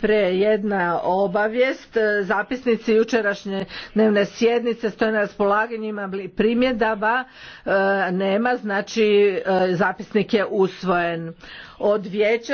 Pre jedna obavijest, e, zapisnici jučerašnje dnevne sjednice stoje na raspolaganju, ima primjedaba, e, nema, znači e, zapisnik je usvojen od vijeća.